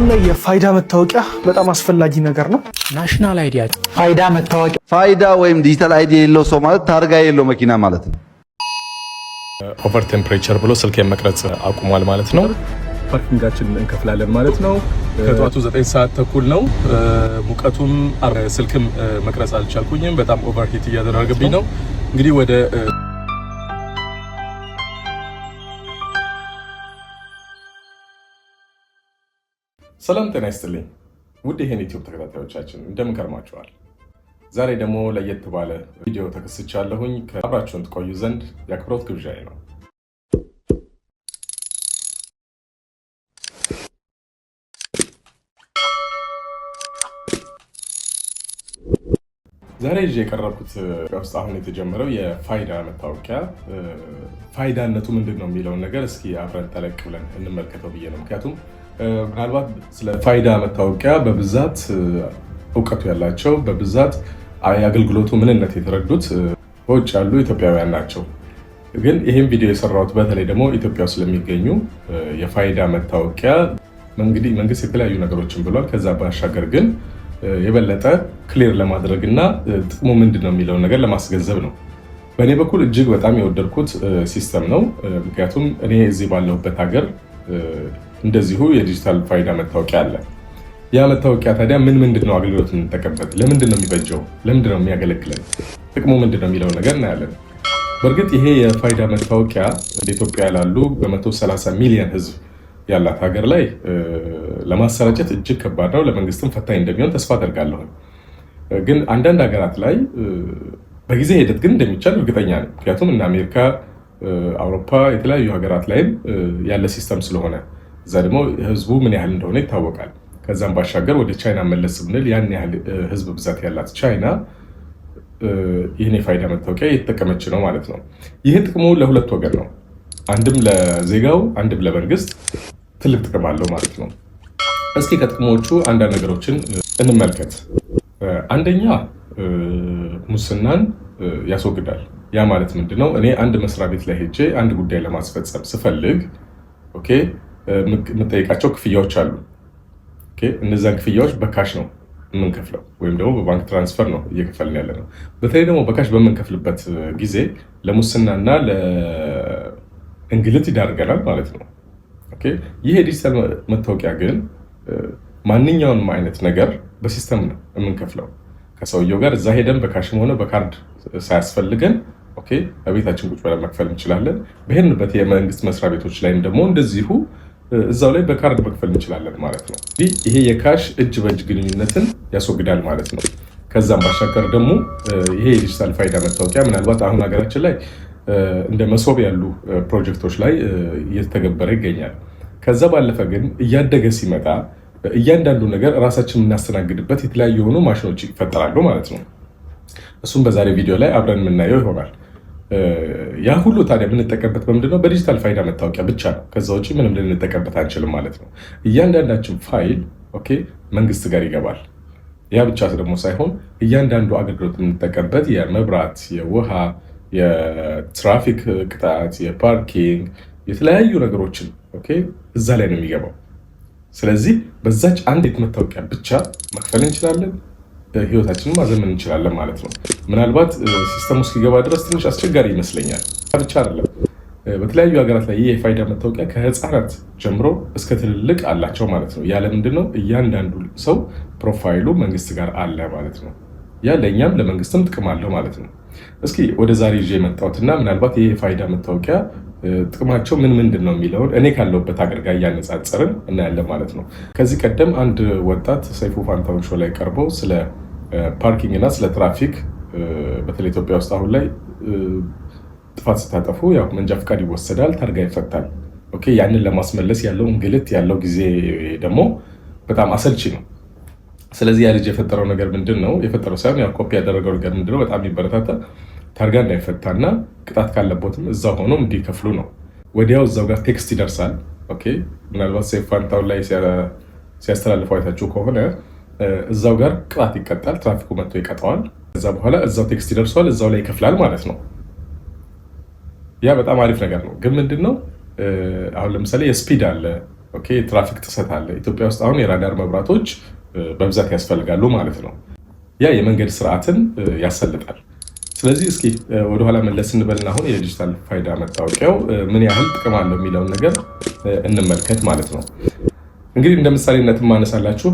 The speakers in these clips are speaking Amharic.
አሁን ላይ የፋይዳ መታወቂያ በጣም አስፈላጊ ነገር ነው። ናሽናል አይዲ፣ ፋይዳ መታወቂያ። ፋይዳ ወይም ዲጂታል አይዲ የለው ሰው ማለት ታርጋ የለው መኪና ማለት ነው። ኦቨር ቴምፕሬቸር ብሎ ስልክ መቅረጽ አቁሟል ማለት ነው። ፓርኪንጋችን እንከፍላለን ማለት ነው። ከጠዋቱ ዘጠኝ ሰዓት ተኩል ነው። ሙቀቱም ስልክም መቅረጽ አልቻልኩኝም። በጣም ኦቨርሂት እያደረገብኝ ነው። እንግዲህ ወደ ሰላም ጤና ይስጥልኝ ውድ ይህን ዩቲዩብ ተከታታዮቻችን እንደምን ከርማችኋል? ዛሬ ደግሞ ለየት ባለ ቪዲዮ ተከስቻለሁኝ። ከአብራችሁን ትቆዩ ዘንድ የአክብሮት ግብዣዬ ነው። ዛሬ ይዤ የቀረብኩት ውስጥ አሁን የተጀመረው የፋይዳ መታወቂያ ፋይዳነቱ ምንድን ነው የሚለውን ነገር እስኪ አብረን ጠለቅ ብለን እንመልከተው ብዬ ነው ምክንያቱም ምናልባት ስለ ፋይዳ መታወቂያ በብዛት እውቀቱ ያላቸው በብዛት የአገልግሎቱ ምንነት የተረዱት በውጭ ያሉ ኢትዮጵያውያን ናቸው። ግን ይህም ቪዲዮ የሰራሁት በተለይ ደግሞ ኢትዮጵያ ውስጥ ስለሚገኙ የፋይዳ መታወቂያ እንግዲህ መንግስት የተለያዩ ነገሮችን ብሏል። ከዛ ባሻገር ግን የበለጠ ክሊር ለማድረግ እና ጥቅሙ ምንድን ነው የሚለውን ነገር ለማስገንዘብ ነው። በእኔ በኩል እጅግ በጣም የወደድኩት ሲስተም ነው። ምክንያቱም እኔ እዚህ ባለሁበት ሀገር እንደዚሁ የዲጂታል ፋይዳ መታወቂያ አለ። ያ መታወቂያ ታዲያ ምን ምንድን ነው አገልግሎት የምንጠቀምበት? ለምንድን ነው የሚበጀው? ለምንድን ነው የሚያገለግለን? ጥቅሙ ምንድን ነው ነገር እናያለን። በእርግጥ ይሄ የፋይዳ መታወቂያ እንደ ኢትዮጵያ ላሉ በ130 ሚሊዮን ህዝብ ያላት ሀገር ላይ ለማሰራጨት እጅግ ከባድ ነው፣ ለመንግስትም ፈታኝ እንደሚሆን ተስፋ አደርጋለሁ። ግን አንዳንድ ሀገራት ላይ በጊዜ ሂደት ግን እንደሚቻል እርግጠኛ ነው። ምክንያቱም እነ አሜሪካ፣ አውሮፓ የተለያዩ ሀገራት ላይም ያለ ሲስተም ስለሆነ እዛ ደግሞ ህዝቡ ምን ያህል እንደሆነ ይታወቃል። ከዛም ባሻገር ወደ ቻይና መለስ ብንል ያን ያህል ህዝብ ብዛት ያላት ቻይና ይህን የፋይዳ መታወቂያ እየተጠቀመች ነው ማለት ነው። ይህ ጥቅሙ ለሁለት ወገን ነው፣ አንድም ለዜጋው አንድም ለመንግስት ትልቅ ጥቅም አለው ማለት ነው። እስኪ ከጥቅሞቹ አንዳንድ ነገሮችን እንመልከት። አንደኛ ሙስናን ያስወግዳል። ያ ማለት ምንድነው? እኔ አንድ መስሪያ ቤት ላይ ሄጄ አንድ ጉዳይ ለማስፈጸም ስፈልግ ኦኬ የምጠይቃቸው ክፍያዎች አሉ። እነዚያን ክፍያዎች በካሽ ነው የምንከፍለው ወይም ደግሞ በባንክ ትራንስፈር ነው እየከፈልን ያለ ነው። በተለይ ደግሞ በካሽ በምንከፍልበት ጊዜ ለሙስናና ለእንግልት ይዳርገናል ማለት ነው። ይህ የዲጂታል መታወቂያ ግን ማንኛውንም አይነት ነገር በሲስተም ነው የምንከፍለው ከሰውየው ጋር እዛ ሄደን በካሽም ሆነ በካርድ ሳያስፈልገን ቤታችን ቁጭ ብለን መክፈል እንችላለን። በሄድንበት የመንግስት መስሪያ ቤቶች ላይም ደግሞ እንደዚሁ እዛው ላይ በካርድ መክፈል እንችላለን ማለት ነው። ይሄ የካሽ እጅ በእጅ ግንኙነትን ያስወግዳል ማለት ነው። ከዛም ባሻገር ደግሞ ይሄ የዲጂታል ፋይዳ መታወቂያ ምናልባት አሁን ሀገራችን ላይ እንደ መሶብ ያሉ ፕሮጀክቶች ላይ እየተተገበረ ይገኛል። ከዛ ባለፈ ግን እያደገ ሲመጣ እያንዳንዱ ነገር ራሳችን የምናስተናግድበት የተለያዩ የሆኑ ማሽኖች ይፈጠራሉ ማለት ነው። እሱም በዛሬ ቪዲዮ ላይ አብረን የምናየው ይሆናል። ያ ሁሉ ታዲያ የምንጠቀምበት በምንድን ነው? በዲጂታል ፋይዳ መታወቂያ ብቻ ነው። ከዛ ውጭ ምንም ልንጠቀምበት አንችልም ማለት ነው። እያንዳንዳችን ፋይል ኦኬ መንግስት ጋር ይገባል። ያ ብቻ ደግሞ ሳይሆን እያንዳንዱ አገልግሎት የምንጠቀምበት የመብራት፣ የውሃ፣ የትራፊክ ቅጣት፣ የፓርኪንግ የተለያዩ ነገሮችን ኦኬ እዛ ላይ ነው የሚገባው። ስለዚህ በዛች የት መታወቂያ ብቻ መክፈል እንችላለን። ህይወታችንን ማዘመን እንችላለን ማለት ነው። ምናልባት ሲስተም ውስጥ ሊገባ ድረስ ትንሽ አስቸጋሪ ይመስለኛል። ብቻ አይደለም በተለያዩ ሀገራት ላይ ይህ የፋይዳ መታወቂያ ከህፃናት ጀምሮ እስከ ትልልቅ አላቸው ማለት ነው። ያለ ምንድን ነው እያንዳንዱ ሰው ፕሮፋይሉ መንግስት ጋር አለ ማለት ነው። ያ ለእኛም ለመንግስትም ጥቅም አለው ማለት ነው። እስኪ ወደ ዛሬ ይዤ የመጣሁትና ምናልባት ይህ የፋይዳ መታወቂያ ጥቅማቸው ምን ምንድን ነው የሚለውን እኔ ካለውበት ሀገር ጋር እያነጻጸርን እናያለን ማለት ነው። ከዚህ ቀደም አንድ ወጣት ሰይፉ ፋንታውን ሾ ላይ ቀርበው ስለ ፓርኪንግ እና ስለ ትራፊክ በተለይ ኢትዮጵያ ውስጥ አሁን ላይ ጥፋት ስታጠፉ ያው መንጃ ፈቃድ ይወሰዳል፣ ታርጋ ይፈታል። ኦኬ ያንን ለማስመለስ ያለው እንግልት ያለው ጊዜ ደግሞ በጣም አሰልቺ ነው። ስለዚህ ያ ልጅ የፈጠረው ነገር ምንድን ነው? የፈጠረው ሳይሆን ያው ኮፒ ያደረገው ነገር ምንድን ነው? በጣም ይበረታታል ታርጋ እንዳይፈታና ቅጣት ካለቦትም እዛው ሆኖ እንዲከፍሉ ነው። ወዲያው እዛው ጋር ቴክስት ይደርሳል። ኦኬ ምናልባት ሰይፉ ላይ ሲያስተላልፈው አይታችሁ ከሆነ እዛው ጋር ቅጣት ይቀጣል። ትራፊኩ መጥቶ ይቀጣዋል። ከዛ በኋላ እዛው ቴክስት ይደርሰዋል፣ እዛው ላይ ይከፍላል ማለት ነው። ያ በጣም አሪፍ ነገር ነው። ግን ምንድን ነው አሁን ለምሳሌ የስፒድ አለ፣ የትራፊክ ጥሰት አለ። ኢትዮጵያ ውስጥ አሁን የራዳር መብራቶች በብዛት ያስፈልጋሉ ማለት ነው። ያ የመንገድ ስርዓትን ያሰልጣል። ስለዚህ እስኪ ወደኋላ መለስ እንበልና አሁን የዲጂታል ፋይዳ መታወቂያው ምን ያህል ጥቅም አለው የሚለውን ነገር እንመልከት ማለት ነው። እንግዲህ እንደ ምሳሌነት ማነሳላችሁ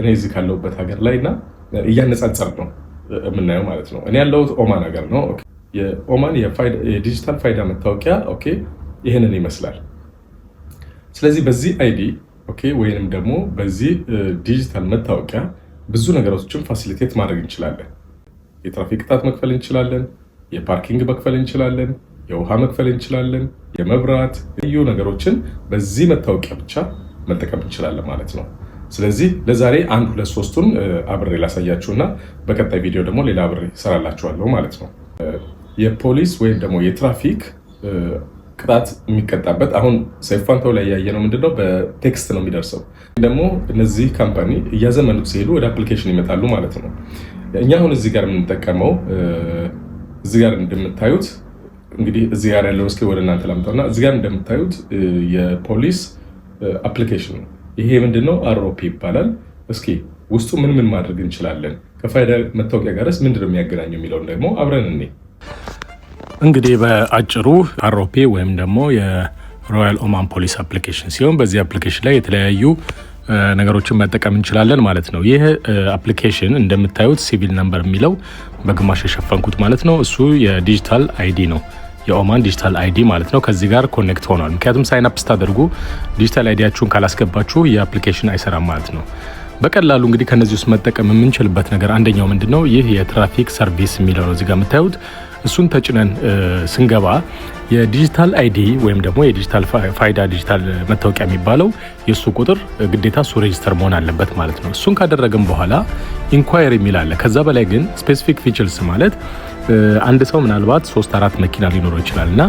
እኔ እዚህ ካለሁበት ሀገር ላይ እና እያነጻጸር ነው የምናየው ማለት ነው። እኔ ያለሁት ኦማን ሀገር ነው። የኦማን የዲጂታል ፋይዳ መታወቂያ ኦኬ ይህንን ይመስላል። ስለዚህ በዚህ አይዲ ኦኬ ወይንም ደግሞ በዚህ ዲጂታል መታወቂያ ብዙ ነገሮችን ፋሲሊቴት ማድረግ እንችላለን። የትራፊክ ቅጣት መክፈል እንችላለን፣ የፓርኪንግ መክፈል እንችላለን፣ የውሃ መክፈል እንችላለን፣ የመብራት ልዩ ነገሮችን በዚህ መታወቂያ ብቻ መጠቀም እንችላለን ማለት ነው። ስለዚህ ለዛሬ አንድ ሁለት ሶስቱን አብሬ እና በቀጣይ ቪዲዮ ደግሞ ሌላ አብሬ ይሰራላችኋለሁ ማለት ነው። የፖሊስ ወይም ደግሞ የትራፊክ ቅጣት የሚቀጣበት አሁን ሰይፉ ላይ ያየ ነው ምንድነው፣ በቴክስት ነው የሚደርሰው። ደግሞ እነዚህ ካምፓኒ እያዘመኑት ሲሄዱ ወደ አፕሊኬሽን ይመጣሉ ማለት ነው። እኛ አሁን እዚህ ጋር የምንጠቀመው እዚህ ጋር እንደምታዩት እንግዲህ እዚህ ጋር ያለው እስኪ ወደ እናንተ ላምጠውና እዚህ ጋር እንደምታዩት የፖሊስ አፕሊኬሽን ነው። ይሄ ምንድነው? አሮፒ ይባላል። እስኪ ውስጡ ምን ምን ማድረግ እንችላለን፣ ከፋይዳ መታወቂያ ጋርስ ምንድነው የሚያገናኘው የሚለውን ደግሞ አብረን እኔ እንግዲህ በአጭሩ አሮፒ ወይም ደግሞ የሮያል ኦማን ፖሊስ አፕሊኬሽን ሲሆን በዚህ አፕሊኬሽን ላይ የተለያዩ ነገሮችን መጠቀም እንችላለን ማለት ነው። ይህ አፕሊኬሽን እንደምታዩት ሲቪል ነምበር የሚለው በግማሽ የሸፈንኩት ማለት ነው። እሱ የዲጂታል አይዲ ነው የኦማን ዲጂታል አይዲ ማለት ነው። ከዚህ ጋር ኮኔክት ሆኗል። ምክንያቱም ሳይንፕ አፕ ስታደርጉ ዲጂታል አይዲያችሁን ካላስገባችሁ የአፕሊኬሽን አይሰራም ማለት ነው። በቀላሉ እንግዲህ ከነዚህ ውስጥ መጠቀም የምንችልበት ነገር አንደኛው ምንድን ነው? ይህ የትራፊክ ሰርቪስ የሚለው ነው እዚህ የምታዩት እሱን ተጭነን ስንገባ የዲጂታል አይዲ ወይም ደግሞ የዲጂታል ፋይዳ ዲጂታል መታወቂያ የሚባለው የእሱ ቁጥር ግዴታ እሱ ሬጅስተር መሆን አለበት ማለት ነው። እሱን ካደረግን በኋላ ኢንኳየር የሚል አለ። ከዛ በላይ ግን ስፔሲፊክ ፊቸርስ ማለት አንድ ሰው ምናልባት ሶስት አራት መኪና ሊኖረው ይችላል እና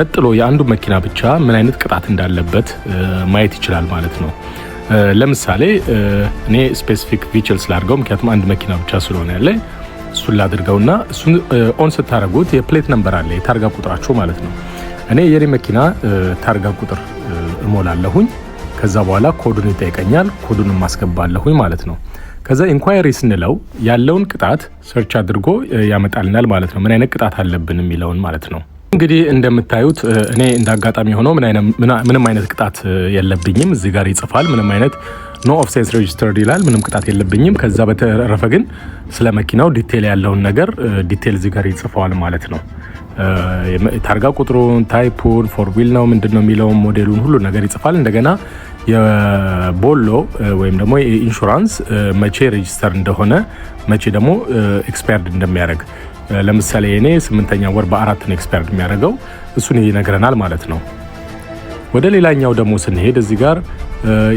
ነጥሎ የአንዱ መኪና ብቻ ምን አይነት ቅጣት እንዳለበት ማየት ይችላል ማለት ነው። ለምሳሌ እኔ ስፔሲፊክ ቪችል ላድርገው፣ ምክንያቱም አንድ መኪና ብቻ ስለሆነ ያለ እሱን ላድርገውና እሱን ኦን ስታደርጉት የፕሌት ነንበር አለ የታርጋ ቁጥራቸው ማለት ነው። እኔ የኔ መኪና ታርጋ ቁጥር እሞላለሁኝ። ከዛ በኋላ ኮዱን ይጠይቀኛል። ኮዱን ማስገባለሁኝ ማለት ነው። ከዛ ኢንኳይሪ ስንለው ያለውን ቅጣት ሰርች አድርጎ ያመጣልናል ማለት ነው። ምን አይነት ቅጣት አለብን የሚለውን ማለት ነው። እንግዲህ እንደምታዩት እኔ እንደ አጋጣሚ ሆነው ምንም አይነት ቅጣት የለብኝም። እዚህ ጋር ይጽፋል ምንም አይነት ኖ ኦፍሴንስ ሬጅስተርድ ይላል። ምንም ቅጣት የለብኝም። ከዛ በተረፈ ግን ስለ መኪናው ዲቴል ያለውን ነገር ዲቴል እዚህ ጋር ይጽፈዋል ማለት ነው። ታርጋ ቁጥሩን፣ ታይፑን፣ ፎርዊል ነው ምንድን ነው የሚለውን ሞዴሉን ሁሉ ነገር ይጽፋል። እንደገና የቦሎ ወይም ደግሞ የኢንሹራንስ መቼ ሬጅስተር እንደሆነ መቼ ደግሞ ኤክስፓየርድ እንደሚያደርግ ለምሳሌ እኔ ስምንተኛ ወር በአራት ነው ኤክስፓየርድ የሚያደርገው እሱን ይነግረናል ማለት ነው። ወደ ሌላኛው ደግሞ ስንሄድ እዚህ ጋር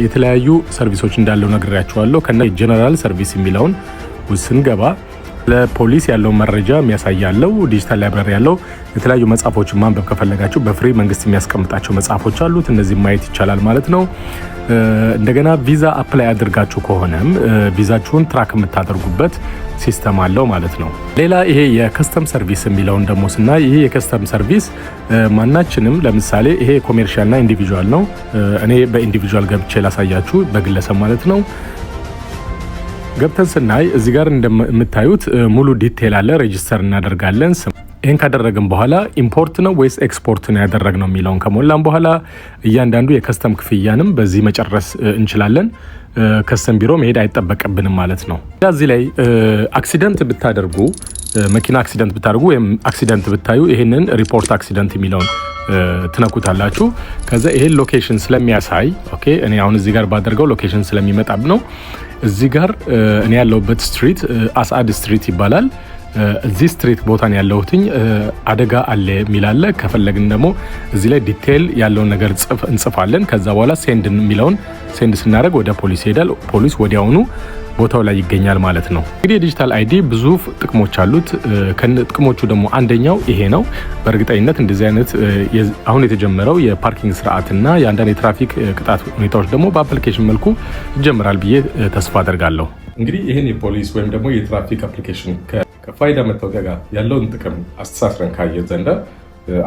የተለያዩ ሰርቪሶች እንዳለው ነግሬያቸዋለሁ። ከነ ጀነራል ሰርቪስ የሚለውን ስንገባ ለፖሊስ ያለው መረጃ የሚያሳይ ዲጂታል ላይብራሪ ያለው የተለያዩ መጽሐፎችን ማንበብ ከፈለጋችሁ በፍሪ መንግስት የሚያስቀምጣቸው መጽሐፎች አሉት። እነዚህ ማየት ይቻላል ማለት ነው። እንደገና ቪዛ አፕላይ አድርጋችሁ ከሆነም ቪዛችሁን ትራክ የምታደርጉበት ሲስተም አለው ማለት ነው። ሌላ ይሄ የከስተም ሰርቪስ የሚለውን ደግሞ ስናይ ይሄ የከስተም ሰርቪስ ማናችንም ለምሳሌ ይሄ ና ኢንዲቪዥዋል ነው። እኔ በኢንዲቪዥዋል ገብቼ ላሳያችሁ፣ በግለሰብ ማለት ነው ገብተን ስናይ እዚህ ጋር እንደምታዩት ሙሉ ዲቴል አለ። ሬጅስተር እናደርጋለን። ይህን ካደረግን በኋላ ኢምፖርት ነው ወይስ ኤክስፖርት ነው ያደረግነው የሚለውን ከሞላን በኋላ እያንዳንዱ የከስተም ክፍያንም በዚህ መጨረስ እንችላለን። ከስተም ቢሮ መሄድ አይጠበቅብንም ማለት ነው። እዚህ ላይ አክሲደንት ብታደርጉ መኪና አክሲደንት ብታደርጉ ወይም አክሲደንት ብታዩ ይህንን ሪፖርት አክሲደንት የሚለውን ትነኩታላችሁ። ከዛ ይሄን ሎኬሽን ስለሚያሳይ እኔ አሁን እዚህ ጋር ባደርገው ሎኬሽን ስለሚመጣብ ነው እዚህ ጋር እኔ ያለሁበት ስትሪት አስአድ ስትሪት ይባላል። እዚህ ስትሪት ቦታ ነው ያለሁትኝ አደጋ አለ የሚላለ ከፈለግን ደግሞ እዚህ ላይ ዲቴይል ያለውን ነገር እንጽፋለን። ከዛ በኋላ ሴንድ የሚለውን ሴንድ ስናደርግ ወደ ፖሊስ ይሄዳል። ፖሊስ ወዲያውኑ ቦታው ላይ ይገኛል ማለት ነው። እንግዲህ የዲጂታል አይዲ ብዙ ጥቅሞች አሉት። ከጥቅሞቹ ደግሞ አንደኛው ይሄ ነው። በእርግጠኝነት እንደዚህ አይነት አሁን የተጀመረው የፓርኪንግ ስርዓትና የአንዳንድ የትራፊክ ቅጣት ሁኔታዎች ደግሞ በአፕሊኬሽን መልኩ ይጀምራል ብዬ ተስፋ አደርጋለሁ። እንግዲህ ይህን የፖሊስ ወይም ደግሞ የትራፊክ አፕሊኬሽን ከፋይዳ መታወቂያ ጋር ያለውን ጥቅም አስተሳስረን ካየን ዘንዳ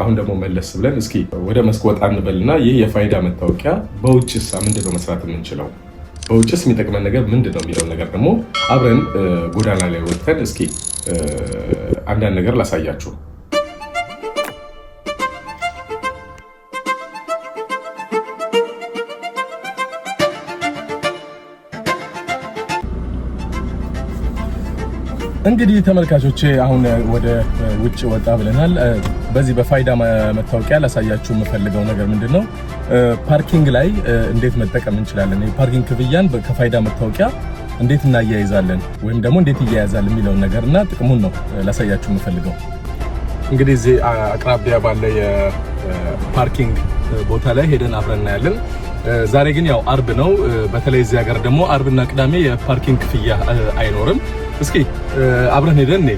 አሁን ደግሞ መለስ ብለን እስኪ ወደ መስክ ወጣ እንበልና ይህ የፋይዳ መታወቂያ በውጭስ ምንድነው መስራት የምንችለው በውጭስ የሚጠቅመን ነገር ምንድነው የሚለውን ነገር ደግሞ አብረን ጎዳና ላይ ወጥተን እስኪ አንዳንድ ነገር ላሳያችሁ። እንግዲህ ተመልካቾቼ አሁን ወደ ውጭ ወጣ ብለናል። በዚህ በፋይዳ መታወቂያ ላሳያችሁ የምፈልገው ነገር ምንድን ነው? ፓርኪንግ ላይ እንዴት መጠቀም እንችላለን፣ የፓርኪንግ ክፍያን ከፋይዳ መታወቂያ እንዴት እናያይዛለን ወይም ደግሞ እንዴት እያያዛል የሚለውን ነገር እና ጥቅሙን ነው ላሳያችሁ የምፈልገው። እንግዲህ እዚህ አቅራቢያ ባለ የፓርኪንግ ቦታ ላይ ሄደን አብረን እናያለን። ዛሬ ግን ያው አርብ ነው። በተለይ እዚህ ሀገር ደግሞ አርብና ቅዳሜ የፓርኪንግ ክፍያ አይኖርም። እስኪ አብረን ሄደን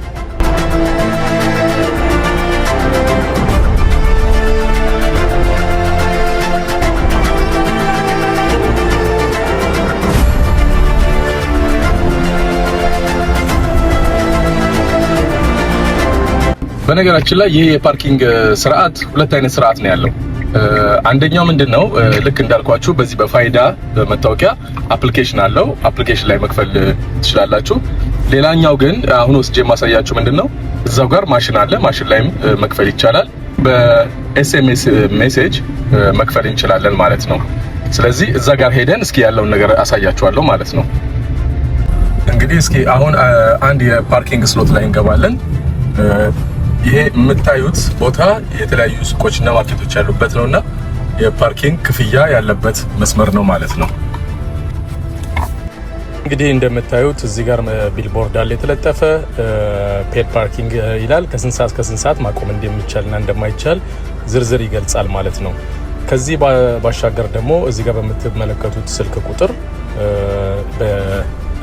በነገራችን ላይ ይህ የፓርኪንግ ስርዓት ሁለት አይነት ስርዓት ነው ያለው አንደኛው ምንድን ነው ልክ እንዳልኳችሁ በዚህ በፋይዳ በመታወቂያ አፕሊኬሽን አለው። አፕሊኬሽን ላይ መክፈል ትችላላችሁ። ሌላኛው ግን አሁን ወስጄ የማሳያችሁ ምንድን ነው እዛው ጋር ማሽን አለ። ማሽን ላይም መክፈል ይቻላል። በኤስኤምኤስ ሜሴጅ መክፈል እንችላለን ማለት ነው። ስለዚህ እዛ ጋር ሄደን እስኪ ያለውን ነገር አሳያችኋለሁ ማለት ነው። እንግዲህ እስኪ አሁን አንድ የፓርኪንግ ስሎት ላይ እንገባለን። ይሄ የምታዩት ቦታ የተለያዩ ሱቆች እና ማርኬቶች ያሉበት ነው እና የፓርኪንግ ክፍያ ያለበት መስመር ነው ማለት ነው። እንግዲህ እንደምታዩት እዚህ ጋር ቢልቦርድ አለ የተለጠፈ ፔድ ፓርኪንግ ይላል። ከስንት ሰዓት ከስንት ሰዓት ማቆም እንደሚቻልና እንደማይቻል ዝርዝር ይገልጻል ማለት ነው። ከዚህ ባሻገር ደግሞ እዚህ ጋር በምትመለከቱት ስልክ ቁጥር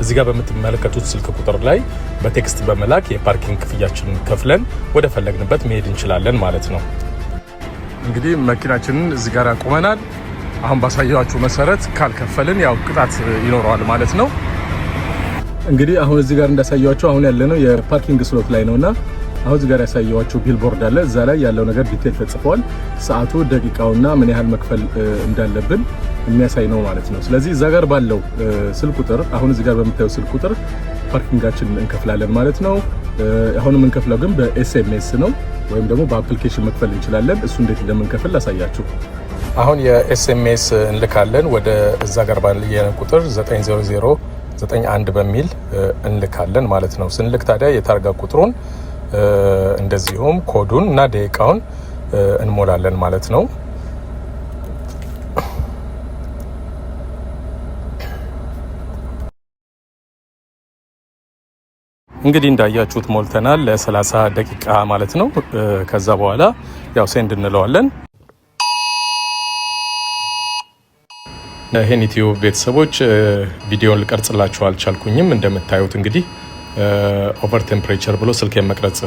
እዚህ ጋር በምትመለከቱት ስልክ ቁጥር ላይ በቴክስት በመላክ የፓርኪንግ ክፍያችንን ከፍለን ወደ ፈለግንበት መሄድ እንችላለን ማለት ነው። እንግዲህ መኪናችንን እዚህ ጋር አቁመናል። አሁን ባሳየኋችሁ መሰረት ካልከፈልን ያው ቅጣት ይኖረዋል ማለት ነው። እንግዲህ አሁን እዚህ ጋር እንዳሳየኋችሁ አሁን ያለነው የፓርኪንግ ስሎት ላይ ነውና አሁን እዚህ ጋር ያሳየኋችሁ ቢልቦርድ አለ። እዛ ላይ ያለው ነገር ዲቴል ተጽፏል። ሰዓቱ፣ ደቂቃውና ምን ያህል መክፈል እንዳለብን የሚያሳይ ነው ማለት ነው። ስለዚህ እዛ ጋር ባለው ስልክ ቁጥር አሁን እዚህ ጋር በምታየው ስልክ ቁጥር ፓርኪንጋችን እንከፍላለን ማለት ነው። አሁን የምንከፍለው ግን በኤስኤምኤስ ነው ወይም ደግሞ በአፕሊኬሽን መክፈል እንችላለን። እሱ እንዴት እንደምንከፍል ላሳያችሁ። አሁን የኤስኤምኤስ እንልካለን ወደ እዛ ጋር ባለ ቁጥር 90091 በሚል እንልካለን ማለት ነው። ስንልክ ታዲያ የታርጋ ቁጥሩን እንደዚሁም ኮዱን እና ደቂቃውን እንሞላለን ማለት ነው። እንግዲህ እንዳያችሁት ሞልተናል ለ30 ደቂቃ ማለት ነው። ከዛ በኋላ ያው ሴንድ እንለዋለን። ይህን ኢትዮ ቤተሰቦች ቪዲዮን ልቀርጽላችሁ አልቻልኩኝም። እንደምታዩት እንግዲህ ኦቨር ቴምፕሬቸር ብሎ ስልክ መቅረጽ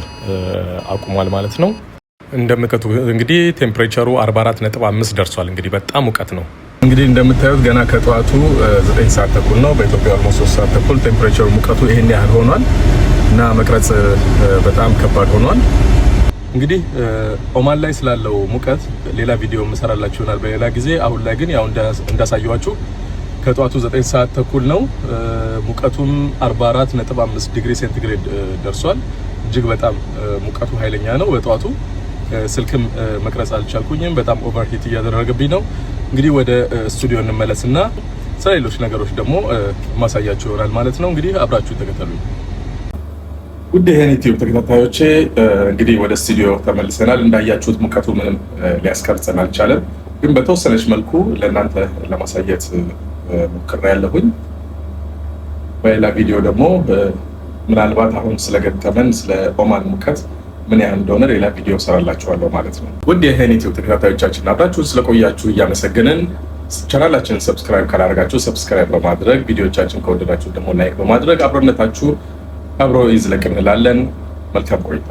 አቁሟል ማለት ነው። እንደምቀቱ እንግዲህ ቴምፕሬቸሩ 44.5 ደርሷል። እንግዲህ በጣም ሙቀት ነው። እንግዲህ እንደምታዩት ገና ከጠዋቱ 9 ሰዓት ተኩል ነው በኢትዮጵያ ኦልሞስት 3 ሰዓት ተኩል ቴምፕሬቸሩ ሙቀቱ ይሄን ያህል ሆኗል። እና መቅረጽ በጣም ከባድ ሆኗል። እንግዲህ ኦማን ላይ ስላለው ሙቀት ሌላ ቪዲዮ የምሰራላችሁ ይሆናል በሌላ ጊዜ። አሁን ላይ ግን ያው እንዳሳየዋችሁ ከጠዋቱ 9 ሰዓት ተኩል ነው። ሙቀቱም 44.5 ዲግሪ ሴንቲግሬድ ደርሷል። እጅግ በጣም ሙቀቱ ኃይለኛ ነው። በጠዋቱ ስልክም መቅረጽ አልቻልኩኝም። በጣም ኦቨርሂት እያደረገብኝ ነው። እንግዲህ ወደ ስቱዲዮ እንመለስና ስለሌሎች ነገሮች ደግሞ ማሳያችሁ ይሆናል ማለት ነው። እንግዲህ አብራችሁ ተከተሉኝ። ውድ ይህን ዩቲዩብ ተከታታዮቼ እንግዲህ ወደ ስቱዲዮ ተመልሰናል። እንዳያችሁት ሙቀቱ ምንም ሊያስቀርጸን አልቻለም፣ ግን በተወሰነች መልኩ ለእናንተ ለማሳየት ያለሁኝ። በሌላ ቪዲዮ ደግሞ ምናልባት አሁን ስለገጠመን ስለ ኦማን ሙቀት ምን ያህል እንደሆነ ሌላ ቪዲዮ ሰራላችኋለሁ ማለት ነው። ውድ ይህን ዩቲዩብ ተከታታዮቻችን አብራችሁን ስለቆያችሁ እያመሰገንን ቻናላችንን ሰብስክራይብ ካላደረጋችሁ ሰብስክራይብ በማድረግ ቪዲዮቻችን ከወደዳችሁ ደግሞ ላይክ በማድረግ አብረነታችሁ አብሮ ይዝለቅ እንላለን። መልካም ቆይታ